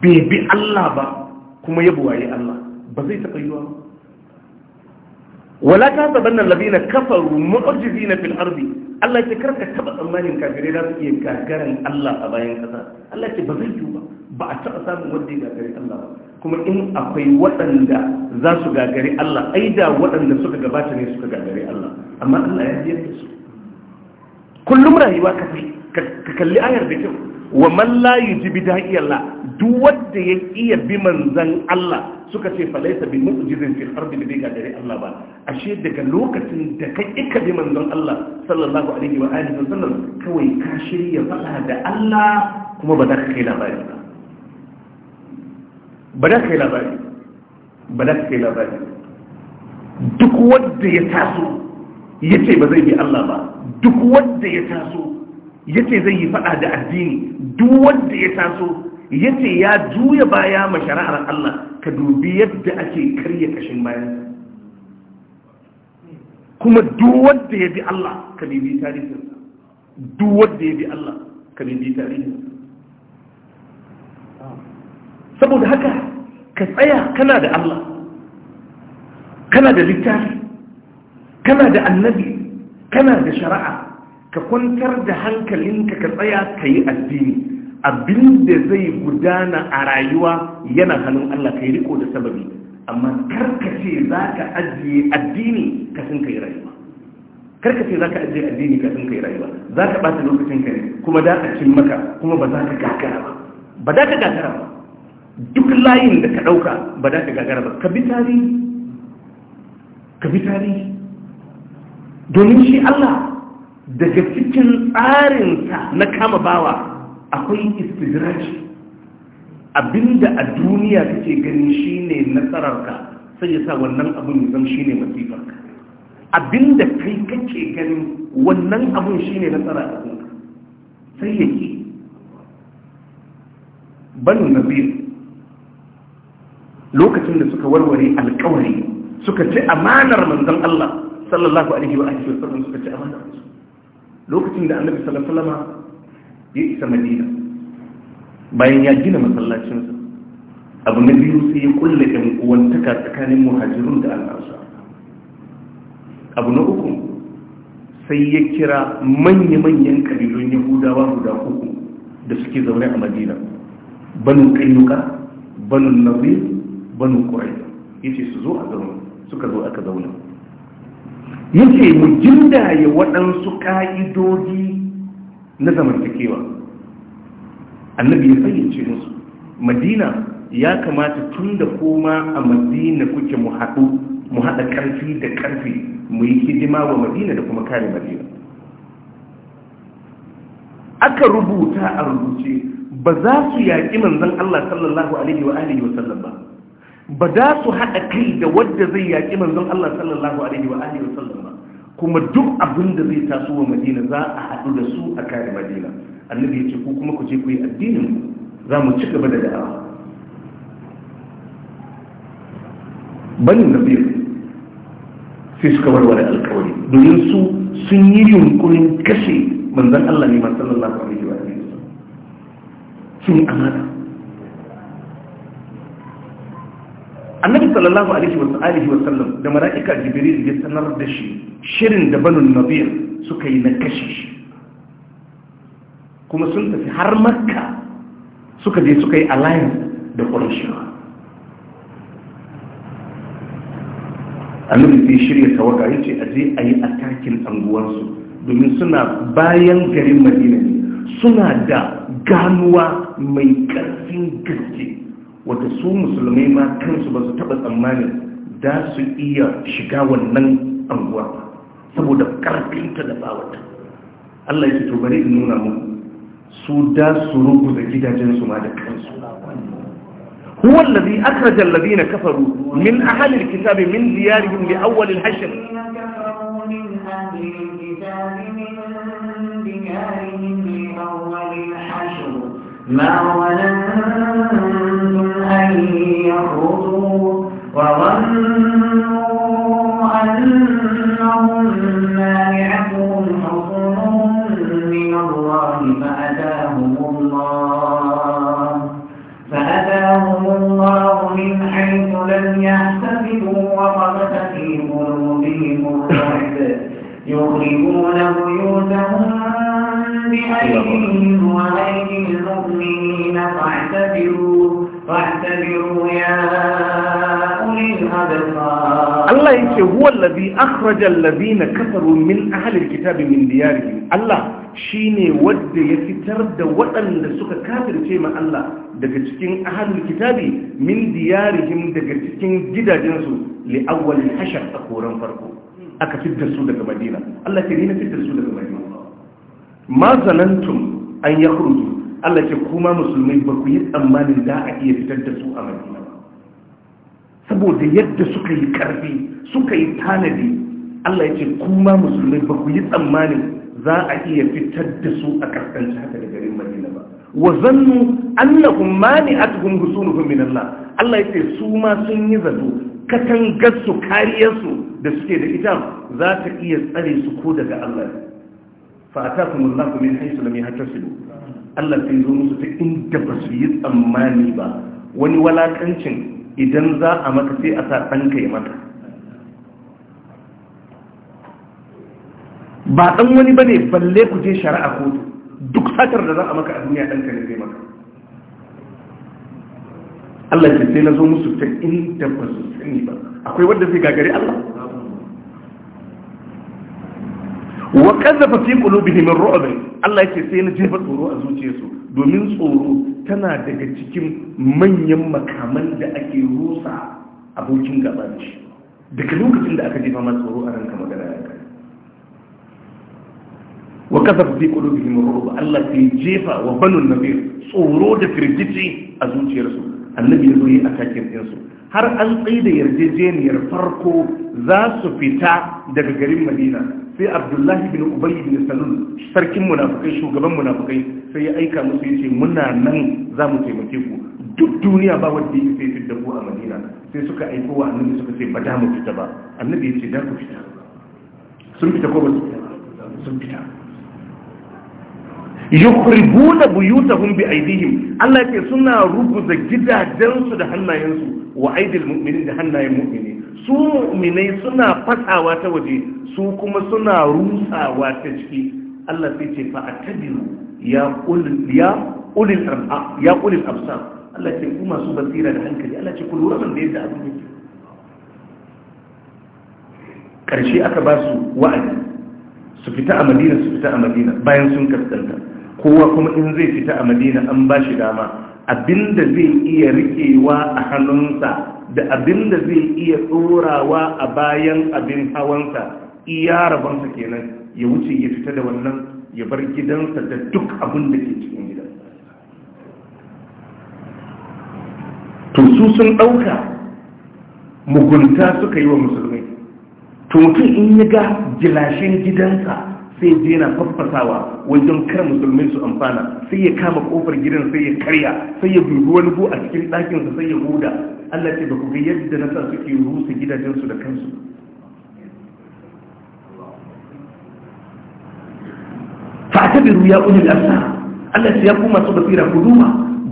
bai bi Allah ba kuma yabo buwaye Allah ba zai taɓa yiwa wala ta saban nan labi na kafaru mu'ajizi na fil arzi Allah ce karka taɓa tsammanin kafirai za su iya gagarin Allah a bayan ƙasa Allah ce ba zai yiwu ba ba a taɓa samun wanda ya gagari Allah ba kuma in akwai waɗanda za su gagari Allah ai da waɗanda suka gabata ne suka gagari Allah amma Allah ya biyar da su kullum rayuwa ka kalli ayar da kyau wa man la yujibi da'i Allah duk wanda ya iya bi manzan Allah suka ce fa laysa bi mu'jizin fil ardi bi ga dare Allah ba ashe daga lokacin da kai ika bi manzan Allah sallallahu alaihi wa alihi wasallam kawai ka shirya fada da Allah kuma ba za ka kai labari ba ba za ka kai labari ba za ka kai labari duk wanda ya taso ya ce ba zai bi Allah ba duk wanda ya taso yace zai yi fada da addini duk wanda ya taso yace ya juya baya ma shari'ar Allah ka dubi yadda ake karya kashin bayan kuma duk wanda ya bi Allah ka bibi tarihin duk wanda ya bi Allah ka bibi tarihin saboda haka ka tsaya kana da Allah kana da littafi kana da annabi kana da shari'a ka kwantar da hankalinka ka tsaya ka yi addini abin da zai gudana a rayuwa yana hannun Allah ka yi riko da sababi amma karkace za ka ajiye addini ka sun ka yi rayuwa karkace za ka ajiye addini ka sun ka yi rayuwa za ka ɓata lokacin ka ne kuma da a cin maka kuma ba za ka gagara ba ba za ka gagara ba duk layin da ka ɗauka ba za ka gagara ba ka bi tarihi ka bi tarihi domin shi Allah daga cikin tsarinsa na kama bawa akwai istidraji abinda a duniya kake gani shine nasararka sai ya sa wannan abin zan shine masifarka abinda kai kake ganin wannan abin shine nasara a kanka sai yake banu nabi lokacin da suka warware alkawari suka ce amanar manzon Allah sallallahu alaihi wa alihi wasallam suka ce amanar manzon lokacin da annabi sallallahu alaihi wasallam ya isa madina bayan ya gina masallacinsa abu na biyu sai ya kulle ɗan uwantaka tsakanin muhajirun da al'ansa abu na uku sai ya kira manya-manyan kabilun yahudawa guda uku da suke zaune a madina banu kainuka banu nazir banu kurai ya ce su zo a zaune suka zo aka zaune Yake mu jindaye waɗansu ƙa'idodi na zamantakewa annabi ya fahimci musu madina ya kamata tun da koma a madina kuke mu haɗu mu haɗa ƙarfi da ƙarfi mu yi hidima wa madina da kuma kare madina aka rubuta a rubuce ba za su yaƙi manzan Allah sallallahu alaihi wa alihi wa sallam ba ba za su haɗa kai da wadda zai yaƙi manzon Allah sallallahu alaihi wa alihi wasallam ba kuma duk abin da zai taso wa Madina za a haɗu da su a kare Madina annabi ya ce ku kuma ku je ku yi addinin za mu ci gaba da da'awa banin da biyu sai suka warware alkawari domin su sun yi yunkurin kashe manzon Allah ne sallallahu alaihi wa alihi wasallam sun amana annabi sallallahu alaihi wa alihi wa sallam da mala'ika jibril ya sanar da shi shirin da banu nabir suka yi na kashe shi kuma sun tafi har makka suka je suka yi alliance da qurayshawa annabi sai shirya tawaga yace a je a yi atakin anguwarsu domin suna bayan garin madina suna da ganuwa mai karfin gaske wata su musulmi ma kansu ba su taɓa tsammanin da su iya shiga wannan anguwa saboda ƙarfinta da bawata Allah yake to bari in nuna mu su da su ruguza gidajensu ma da kansu هو الذي أخرج الذين كفروا من أهل الكتاب من ديارهم لأول الحشر
ما ولن أن يخرجوا وظنوا أنهم مانعتهم حصنهم من الله فأتاهم الله فأتاهم الله من حيث لم يحتسبوا وقذف في قلوبهم الرعب يخربون بيوتهم بأيديهم وأيدي المؤمنين فاعتبروا فاعتبروا يا أولي الأبصار الله يكي هو الذي
أخرج الذين كفروا من أهل الكتاب من ديارهم الله شيني ود يفتر دوطن لسك كافر daga cikin ahalul kitabi min diyarihim daga cikin gidajensu li awwal hashar a koran farko aka fitar su daga madina Allah ke ni na fitar su daga madina ma zanantum an yakhruju Allah ce kuma musulmai ba ku yi tsammanin da a iya fitar da su a madina ba saboda yadda suka yi karfi suka yi tanadi Allah ya ce kuma musulmai ba ku yi tsammanin za a iya fitar da su a kaskanci haka da garin madina ba wa zannu annahum mani'atuhum husunuhum min Allah Allah ya ce su ma sun yi zato kariyar su da suke da ita za ta iya tsare su ko daga Allah fa atakumullahu min haythu lam yahtasibu Allah sai zo musu ta inda ba su yi tsammani ba wani walakancin idan za a maka sai a sa ɗanka ya mata. ba ɗan wani ba ne balle ku je shari'a kotu duk satar da za a maka a duniya ɗanka ne zai maka Allah ce sai na zo musu ta inda ba su sani ba akwai wanda zai gagari Allah wa qazzafa fi qulubihim ar-ru'b Allah yake sai na jefa tsoro a zuciyarsu domin tsoro tana daga cikin manyan makaman da ake rusa abokin gaba shi daga lokacin da aka jefa masa tsoro a ranka magana ya kai wa qazzafa fi qulubihim ar-ru'b Allah sai jefa wa banu nabir tsoro da firgici a zuciyarsu annabi ya zo yi atakin su har an tsaye da yarjejeniyar farko za su fita daga garin madina sai abdullahi bin ubayi bin salul sarkin munafukai shugaban munafukai sai ya aika musu ya ce muna nan za mu taimake ku duk duniya ba wadda ya sai fidda ku a madina sai suka aiko wa annabi suka ce ba da mu fita ba annabi ya ce da ku fita sun fita ko ba su fita sun fita yukhribuna buyutahum bi aydihim Allah yake suna rubuta gidajensu da hannayensu wa aidil mu'minin da hannayen mu'mini su mu'minai suna fasawa ta waje su kuma suna rusawa ta ciki Allah sai ce fa atadiru ya qul ya ulil absar ya ulil absar Allah ce ku masu basira da hankali Allah ce ku lura da yadda abin yake karshe aka ba su wa'adi su fita a madina su fita a madina bayan sun kaskanta kowa kuma in zai fita a madina an ba shi dama abinda zai iya riƙewa a hannunsa da abinda zai iya tsorawa a bayan abin hawansa iya rabonsa kenan ya wuce ya fita da wannan ya bar gidansa da duk abin da ke cikin gidan to su sun ɗauka mugunta suka yi wa musulmai to mutum in ya ga gilashin gidansa sai je na faffasawa wajen kar musulmi su amfana sai ya kama kofar gidan sai ya karya sai ya dubi wani bu a cikin sa sai ya huda Allah ce ba ku ga yadda na sa suke rusa gidajensu da kansu biru ya ulil absar Allah ya ku masu basira ku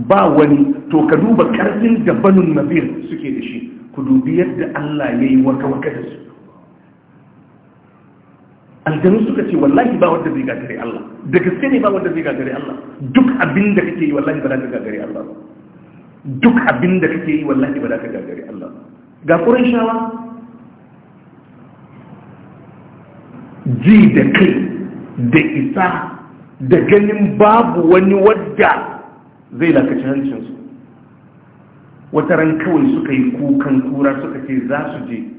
ba wani to ka duba karfin da banun suke da shi ku dubi yadda Allah yayi waka waka da su aljanu suka ce wallahi ba wanda zai gagare Allah da gaske ne ba wanda zai gagare Allah duk abin da kake yi wallahi ba za ka gagare Allah duk abin da kake yi wallahi ba za ka gagare Allah ga Qurayshawa ji da kai da isa da ganin babu wani wadda zai lakaci hancinsu wata ran kawai suka yi kukan kura suka ce za su je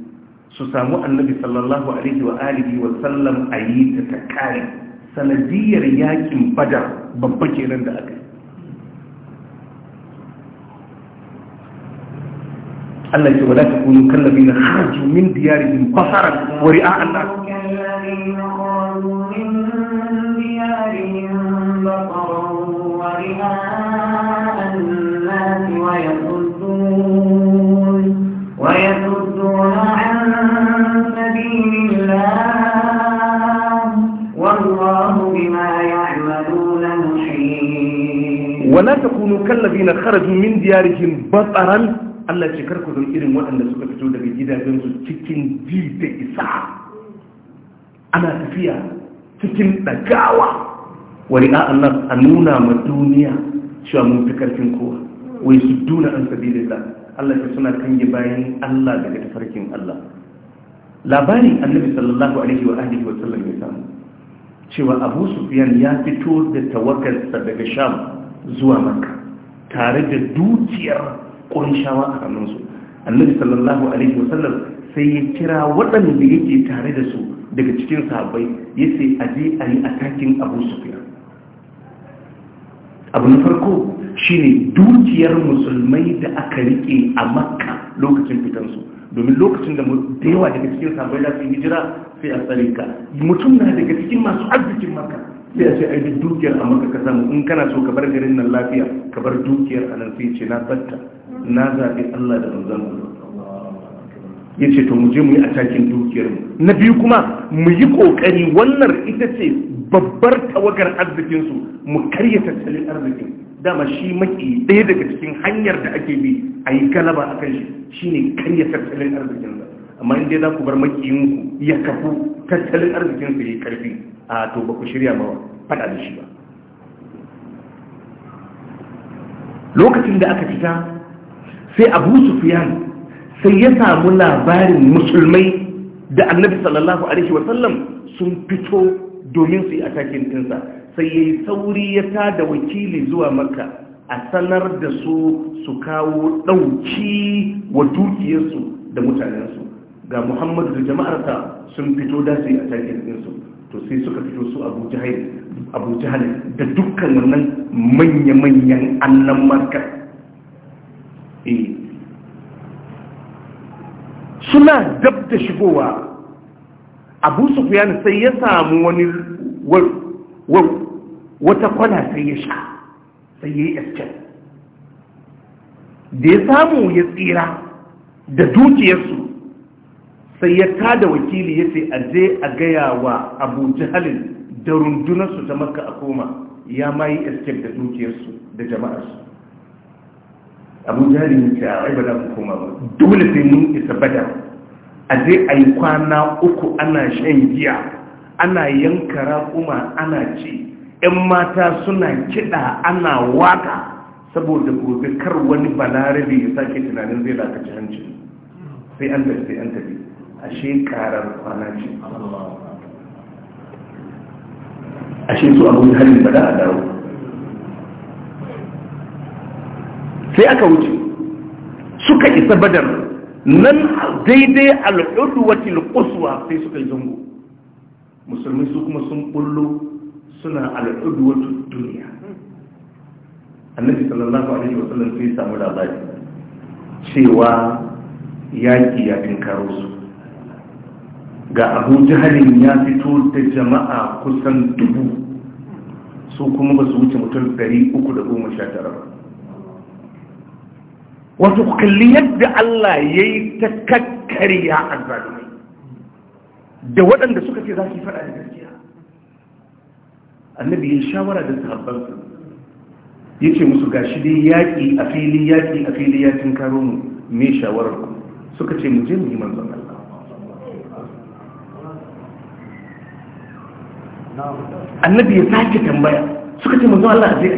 su samu annabi sallallahu alaihi wa alihi wa sallam a yi ta ta kare sanadiyar yakin badar babba kenan da aka yi Allah ce wala ta kunu kallabi na haju min diyarihim basara wa ri'a
Allah ويصدون ويصدون wala takunu
na kharaju min diyarihim bataran Allah ce karku zan irin waɗanda suka fito daga gidajensu cikin ji da isa ana tafiya cikin ɗagawa wani a Allah a nuna ma duniya cewa mun fi karfin kowa wai su duna an sabi da za Allah ce suna kange bayan Allah daga tafarkin Allah labarin annabi sallallahu alaihi wa alihi wa sallam ya samu cewa abu sufyan ya fito da tawakarsa daga sham zuwa makka tare da dukiyar ƙunshawa a hannunsu annabi sallallahu alaihi wasallam sai ya kira waɗanda yake tare da su daga cikin sahabbai ya ce a je a yi atakin abu sufiya abu na farko shine dukiyar musulmai da aka riƙe a makka lokacin fitansu domin lokacin da da yawa daga cikin sahabbai da su hijira sai a tsare ka mutum na daga cikin masu arzikin makka sai a ce a duk dukiyar a maka ka samu in kana so ka bar garin nan lafiya ka bar dukiyar a nan sai ce na batta na zaɓi Allah da manzon ya ce to mu je mu yi atakin dukiyar mu na biyu kuma mu yi ƙoƙari wannan ita ce babbar tawagar arzikin su mu karya tattalin arzikin dama shi maki ɗaya daga cikin hanyar da ake bi a yi galaba akan shi shine karya tattalin arzikin sa amma in dai za ku bar makiyinku ya kafu tattalin arzikinsu ya yi karfi a to ba ku shirya ba faɗa da shi ba lokacin da aka fita sai abu sufiyan sai ya samu labarin musulmai da annabi sallallahu alaihi wasallam sun fito domin su yi atakin tinsa sai ya yi sauri ya ta da wakili zuwa makka a sanar da su su kawo ɗauki wa dukiyarsu da mutanensu ga muhammadu da jama'arsa sun fito da su a cikin ɗinsu to sai suka fito su abu da dukkan wannan manya-manyan annan markar eh. suna dab da shigowa abu su sai ya samu wani wata kwana sai ya sha sai ya yi da ya samu ya tsira da dukiyarsu sai ya da wakili ya ce a je a gaya wa abu jihalin da rundunarsu ta maka a koma ya ma yi escape da dukiyarsu da jama'arsu abu jihalin ya ce a ba da mu koma ba dole sai mun isa bada a je a yi kwana uku ana shan giya ana yanka raƙuma ana ci 'yan mata suna kiɗa ana waka saboda gobe kar wani balarabe ya sake tunanin zai lakaci hanci sai an tafi sai an tafi ashe karar kwana ce ashe su abin halin ba da a dawo sai aka wuce suka isa badar nan daidai wata quswa sai suka yi zango musulmi su kuma sun bullo suna wata duniya annabi sallallahu alaihi wasallam sai samu labari cewa yaƙi ya tinkaro su ga abu jihalin ya fito da jama'a kusan dubu su kuma ba su wuce mutum 319 ba wato kalli yadda Allah ya yi ta kakkariya a zalumai da waɗanda suka ce za su yi faɗa da gaskiya annabi ya shawara da sahabbansa ya ce musu gashi dai yaƙi a fili yaƙi a fili ya karo mu me shawarar suka ce mu je mu yi manzon annabi ya sake tambaya suka ce manzo Allah aje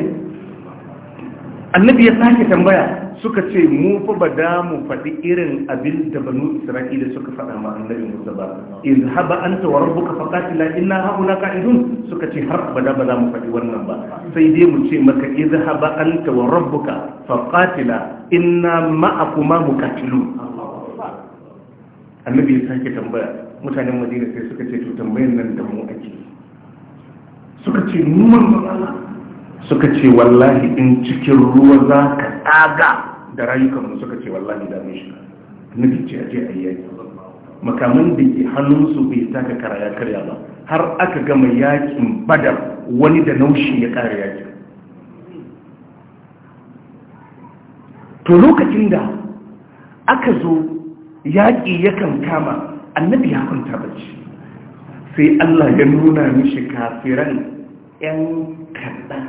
annabi ya sake tambaya suka ce mu fa ba da mu faɗi irin abin da banu isra'ila suka faɗa ma annabi musa ba in haba anta wa rabbuka faqatila inna hauna qa'idun suka ce har ba da ba za mu faɗi wannan ba sai dai mu ce maka izhaba anta wa rabbuka faqatila inna ma'akuma muqatilun annabi ya sake tambaya mutanen madina sai suka ce to tambayan nan da mu ake suka ce mu suka ce wallahi in cikin ruwa za ka tsaga da rayukanmu suka ce wallahi da mun shiga nufi ce aje a yaki makaman da ke hannunsu bai taka kara ya karya ba har aka gama yakin badar wani da naushi ya kare yakin to lokacin da aka zo yaƙi yakan kama annabi ya kwanta bacci sai Allah ya nuna mishi kafiran 'yan kaɗan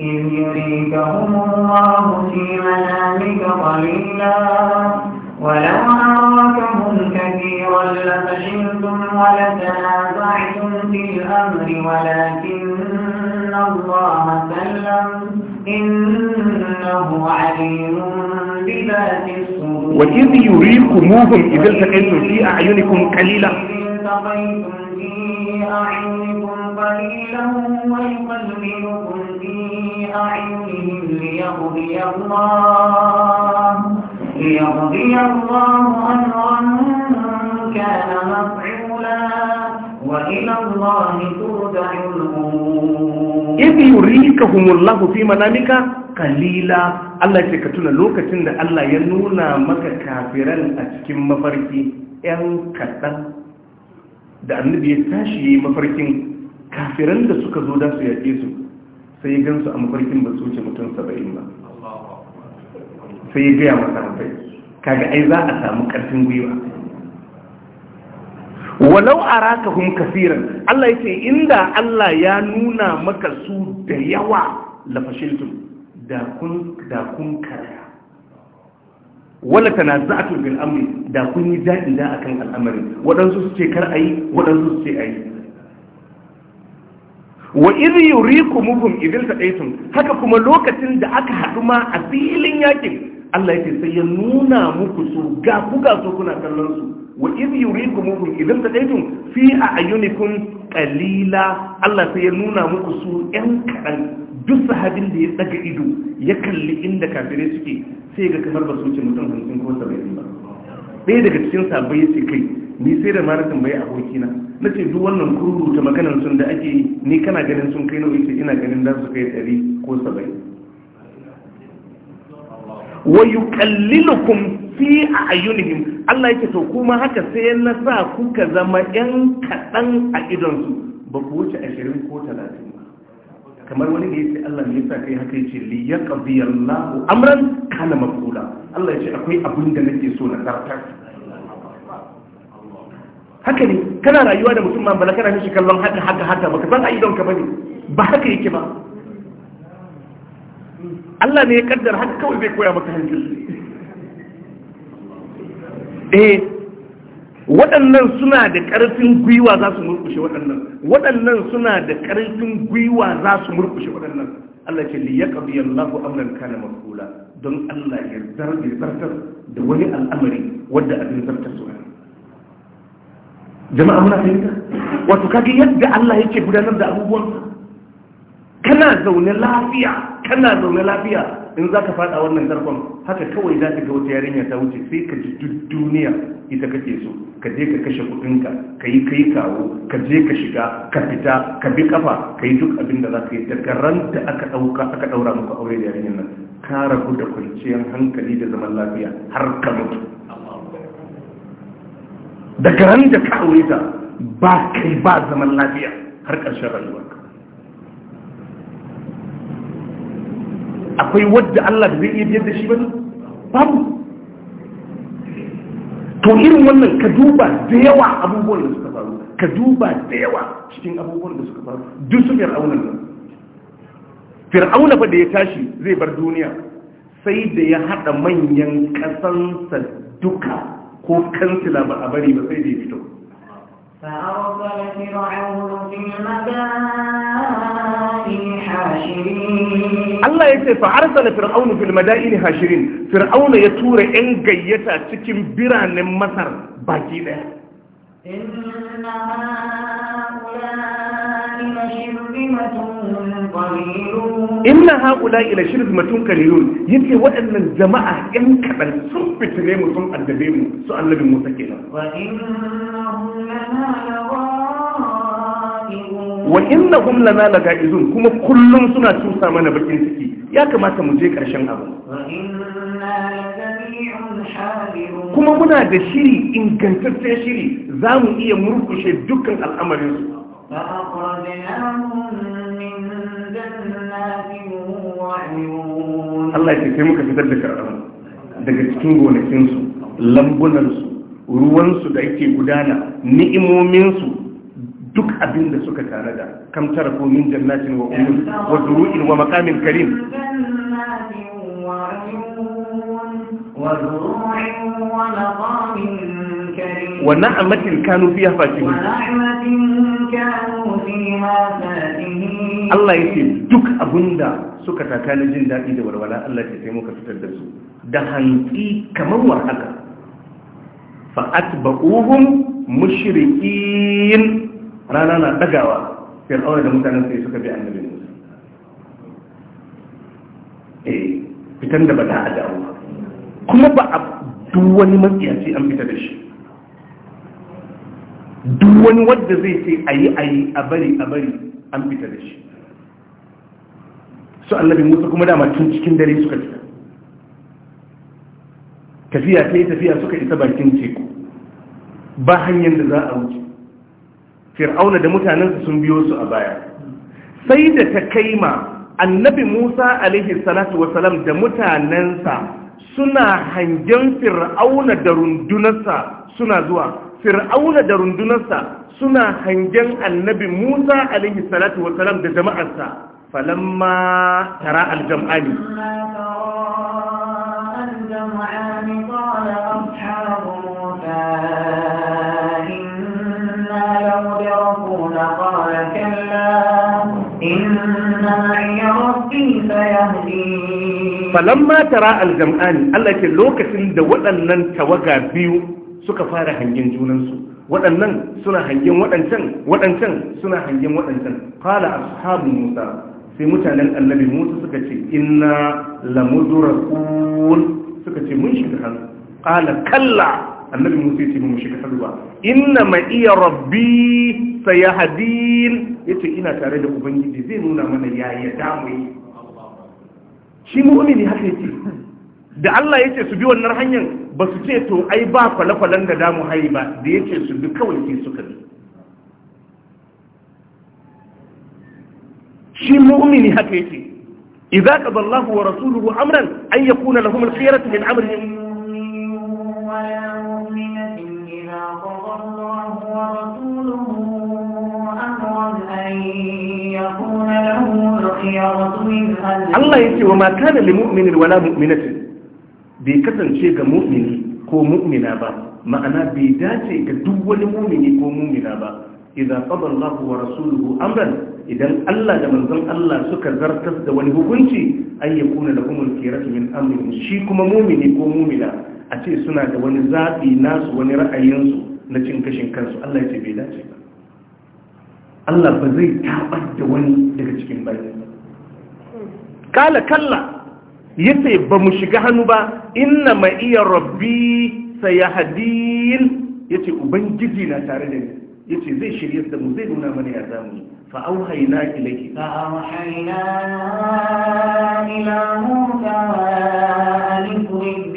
إذ يريكهم الله في منامك قليلا ولو أراكهم كثيرا لفشلتم ولتنازعتم في الأمر ولكن الله سلم إنه عليم بذات الصدور وإذ يريكموهم إذ التقيتم في أعينكم قليلا إذ التقيتم في أعينكم قليلا ويقللكم في أعينهم ليقضي الله ليقضي الله أمرا كان مفعولا وإلى الله ترجع الأمور إذ
يريكهم الله في منامك kalila Allah ce ka tuna lokacin da Allah ya nuna maka kafiran a cikin mafarki 'yan kaɗan da annabi ya tashi mafarkin kafiran da suka zo da su yaƙe su sai gan su a mafarkin ba su wuce mutum saba'in ba sai ya gaya masa rafai kaga ai za a samu ƙarfin gwiwa walau a raka hun kafiran Allah ya ce inda Allah ya nuna maka su da yawa lafashiltum da kun karaya wala tana za'atu bil amri da kun yi daɗin da akan al'amarin waɗansu su ce kar a yi waɗansu su ce a yi wa idh yurikumuhum idh taqaytum haka kuma lokacin da aka haɗu ma a filin yakin Allah yake sai ya nuna muku su ga ku ga su kuna kallon su wa idh yurikumuhum idh taqaytum fi a'yunikum qalila Allah sai ya nuna muku su ɗan kaɗan duk sahabin da ya daga ido ya kalli inda kafirai suke sai ga kamar ba su ce mutum hamsin ko saba'in ba ɗaya daga cikin sabai ya ce kai ni sai da mara tambayi abokina na ce duk wannan kururuta maganar sun da ake yi ni kana ganin sun kai nau'i ce ina ganin za su kai ɗari ko saba'in wa yuqallilukum fi ayyunihim Allah yake to kuma haka sai na sa kuka zama yan kaɗan a idonsu ba ku wuce ashirin ko talatin kamar wani da ya ce Allah ne yasa kai haka ya ce, liyar ƙabiyar lahu amran kana makula Allah ya ce akwai abin da nake so na zartar haka ne kana rayuwa da mutum bala kana mishi kallon haka haka haka baka san aidon ka bane ba haka yake ba Allah ne ya kaddara haka kawai zai koya maka hankali eh waɗannan suna da ƙarfin gwiwa za su murkushe waɗannan waɗannan suna da ƙarfin gwiwa za su murkushe waɗannan Allah ce li yaqdi Allahu amran kana mafula don Allah ya zartar da wani al'amari wadda abin zartar su ne jama'a muna fahimta wato kage yadda Allah yake gudanar da abubuwan kana zaune lafiya kana zaune lafiya in zaka fada wannan zarfon haka kawai za ka ga wata yarinya ta wuce sai ka ji duniya ita kake so ka je ka kashe kudin ka yi kai kawo ka je ka shiga ka fita ka bi kafa ka duk abin da za yi daga ran da aka ɗauka aka ɗaura muku aure da yarinyar nan ka rabu da kwanciyar hankali da zaman lafiya har ka mutu daga ran da ka aure ta ba kai ba zaman lafiya har ƙarshen rayuwarka akwai wadda Allah da zai iya biyar da shi ba babu to irin wannan ka duba da yawa abubuwan da suka faru ka duba da yawa cikin abubuwan da suka faru duk su fir'auna nan fir'auna ba da ya tashi zai bar duniya sai da ya haɗa manyan ƙasansa duka ko kansila ba a bari ba sai da fito. Allah ya ce fa’arsa na fir'aunu filmada'ini hashirin, fir'aunu ya tura ‘yan gayyata cikin biranen masar baki ɗaya. inna haƙula ila shirin matun kalilun yake waɗannan jama'a ƴan kaɗan sun fitire mu sun addabe mu su annabi musa kenan wa
inna hum
lana laga'izun kuma kullum suna tusa mana bakin ciki ya kamata mu je ƙarshen abu kuma muna da shiri ingantaccen shiri za mu iya murkushe dukkan al'amarinsu
Allah ya sai muka
fitar da karamu daga cikin gonakinsu lambunansu ruwansu da ake gudana ni'imominsu duk abin da suka tare da kam tara komin jannatin wa wa duru'in wa makamin karim
wa ونعمة كانوا فيها فاكهين Allah
ya ce duk abinda suka taka jin daɗi da warwala Allah ya sai muka fitar da su da hantsi kamar war haka fa'at ba'uhum mushrikin rana na dagawa fir'auna da mutanen sai suka bi annabi Musa eh fitan da ba a dawo kuma ba a duk wani matsiyaci an fita da shi duk wani wadda zai ce a yi a yi a bari a bari an fita da shi su annabi musa kuma dama tun cikin dare suka fita tafiya ta yi tafiya suka isa bakin teku ba hanyar da za a wuce fir'auna da mutanensu sun biyo su a baya sai da ta kaima annabi musa alaihi salatu wasalam da mutanensa suna hangen fir'auna da rundunarsa suna zuwa fir'auna da rundunarsa suna hangen annabi musa alaihi salatu wasalam da jama'arsa falamma tara aljam'ani
قال كلا إن معي ربي فيهدين falamma
tara aljam'ani Allah ke lokacin da waɗannan tawaga biyu suka fara hangen junansu waɗannan suna hangen waɗancan waɗancan suna hangen waɗancan Kala ashabu musa sai mutanen annabi musa suka ce inna lamudrakun suka ce mun shiga hannu Kala kalla annabi musa yace mun shiga halwa inna ma iya rabbi sayahdin yace ina tare da ubangiji zai nuna mana ya, yaya damu shi mu'mini haka ya yake da Allah ya ce su bi wannan hanyar ba su ce to ai ba kwale-kwalen da damu hari ba da yake su bi kawai sai suka bi shi mu'mini haka yake idza qada wa rasuluhu amran an yakuna lahum al-khiyaratu min amrihim
Allah yake wa ma kana lil
mu'minin wala mu'minatin bai kasance ga mu'mini ko mu'mina ba ma'ana bai dace ga duk wani mu'mini ko mu'mina ba idza qada Allahu wa rasuluhu amran idan Allah da manzon Allah suka zartar da wani hukunci ay yakuna da al-khiyaratu min amrihim shi kuma mu'mini ko mu'mina a ce suna da wani zabi nasu wani ra'ayinsu na cin kashin kansu Allah ya ce bai dace ba Allah ba zai taɓar da wani daga cikin bayan kala kalla yace ba mu shiga hannu ba inna ma iya rabbi sayahdin yace ubangiji na tare da ni yace zai shirye da mu zai nuna mana ya zamu fa auhayna ilayki
fa auhayna ila musa an ikhrij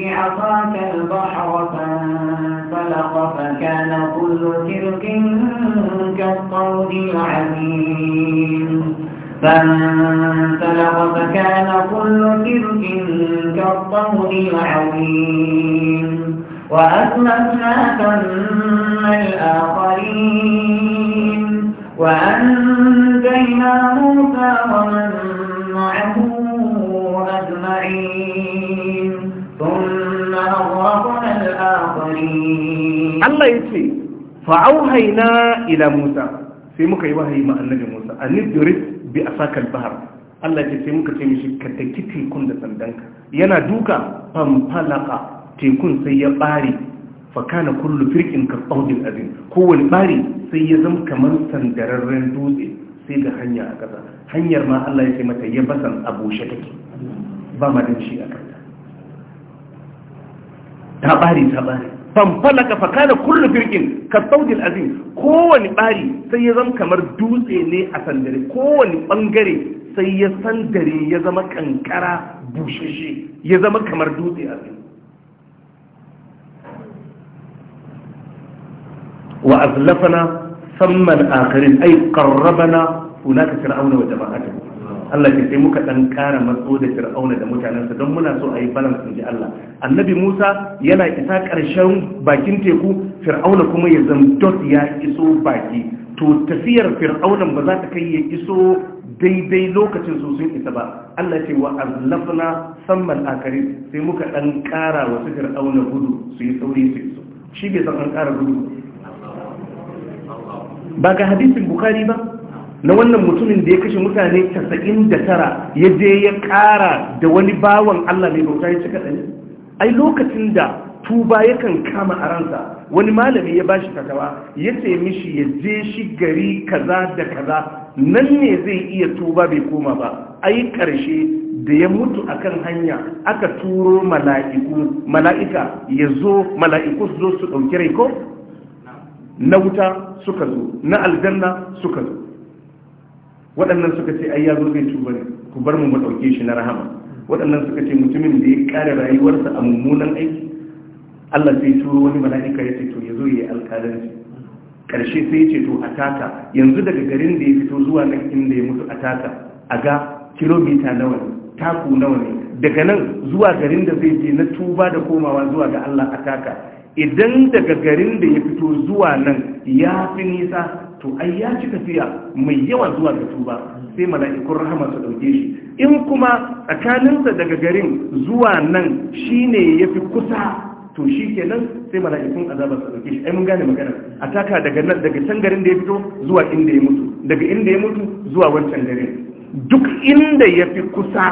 فانفلق فكان كل فرق كالطود العظيم فانفلق فكان كل فرق كالطهر العظيم وأسلفنا ثم الآخرين وأنجينا موسى ومن معه أجمعين ثم أغرقنا
الآخرين الله يتفي
فأوهينا
إلى موسى في مكة وهي مع النبي موسى أن ندرس bi a asakal bahar Allah ce sai muka ce mishi ka daki tekun da sandanka yana duka fanfalaka tekun sai ya bare fa kana kullu firkin ka qawdil azim kowani bare sai ya zama kamar sandararren dutse sai ga hanya a kasa hanyar ma Allah ya ce mata ya basan abushe take ba ma shi a kanta ta bare ta bare fanfalaka fakana kullu firqin ka saudil azim kowani bari sai ya zama kamar dutse ne a sandare kowani bangare sai ya sandare ya zama kankara bushashe ya zama kamar dutse a wa azlafana samman akhirin ay qarrabana hunaka fir'auna wa jama'atuhu Allah ke sai muka dan kara matso da fir'auna da mutanensa don muna so a yi sun ji Allah annabi Musa yana isa ƙarshen bakin teku fir'auna kuma ya zamtot ya iso baki to tafiyar fir'aunan ba za ta kai ya iso daidai lokacin su sun isa ba Allah ce wa azlafna samman akari sai muka dan kara wasu fir'auna gudu su yi sauri su iso shi bai san an kara gudu ba ga hadisin bukari ba na wannan mutumin da ya kashe mutane da tara ya je ya ƙara da wani bawan Allah mai bauta ya cika ɗani ai lokacin da tuba yakan kama a ransa wani malami ya bashi fatawa ya ce mishi ya je shi gari kaza da kaza nan ne zai iya tuba bai koma ba ai karshe da ya mutu akan hanya aka turo mala'iku mala'ika ya zo mala'iku su zo su ɗauki rai ko na wuta suka zo na aljanna suka zo waɗannan suka ce ai ya zo zai tuba ne ku bar mu ɗauke shi na rahama waɗannan suka ce mutumin da ya ƙara rayuwarsa a mummunan aiki Allah sai turo wani mala'ika ya ce to ya zo ya yi alƙalanci ƙarshe sai ya ce to a taka yanzu daga garin da ya fito zuwa nan inda ya mutu a taka a ga kilomita nawa ne taku nawa ne daga nan zuwa garin da zai je na tuba da komawa zuwa ga Allah a taka idan daga garin da ya fito zuwa nan ya fi nisa to ai ya ci tafiya mai yawa zuwa ga tuba sai mala'ikun rahama su dauke shi in kuma tsakaninsa daga garin zuwa nan shine yafi kusa to shi kenan sai mala'ikun azaba su dauke shi ai mun gane magana a taka daga nan daga can garin da ya fito zuwa inda ya mutu daga inda ya mutu zuwa wancan garin duk inda yafi kusa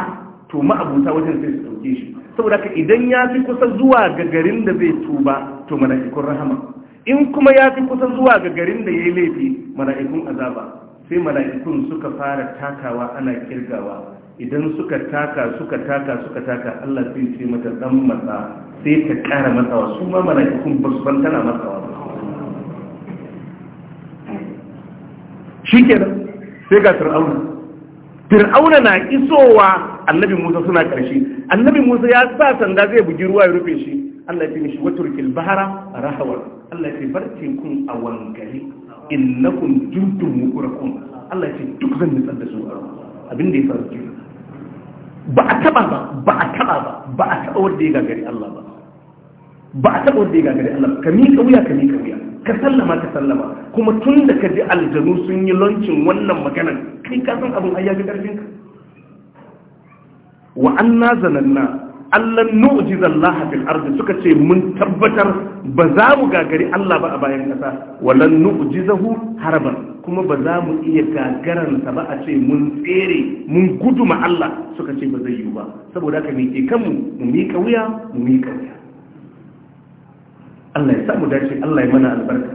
to ma'abuta wajen sai su dauke shi saboda ka idan ya fi kusa zuwa ga garin da zai tuba to mala'ikun rahama in kuma ya fi kusa zuwa ga garin da ya yi laifi mala'ikun azaba sai mala'ikun suka fara takawa ana kirgawa idan suka taka suka taka suka taka Allah sai ce mata dan matsa sai ta kara matsawa su ma mala'ikun ba su tana matsawa ba shikenan sai ga fir'auna fir'auna na isowa annabi Musa suna karshe annabi Musa ya sa sanda zai bugi ruwa ya rufe shi Allah ya ce mishi waturkil bahara rahawar Allah ya ce bar tekun a wangare innakum jundun mukurakun Allah ya ce duk zan nutsar da su abin da ya faru ke ba a taba ba ba a taba ba ba a taba wanda ya gagari Allah ba ba a taba wanda ya gagari Allah ka miƙa wuya ka miƙa wuya ka sallama ka sallama kuma tun da ka ji aljanu sun yi launcin wannan maganar kai ka san abin ayyaka ya fi karfin ka wa anna Allan nu'jiza Allah fil ardi suka ce mun tabbatar ba za mu gagari Allah ba a bayan kasa walan nu'jizahu haraban kuma ba za mu iya gagaransa ba a ce mun tsere mun gudu ma Allah suka ce ba zai yiwu ba saboda haka miƙe kanmu mu miƙa wuya mu miƙa wuya Allah ya samu dace Allah ya mana albarka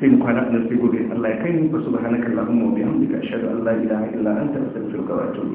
sai mu kwana nan sai gobe Allah ya kai mu subhanakallahumma wa bihamdika ashhadu an la ilaha illa anta astaghfiruka wa atubu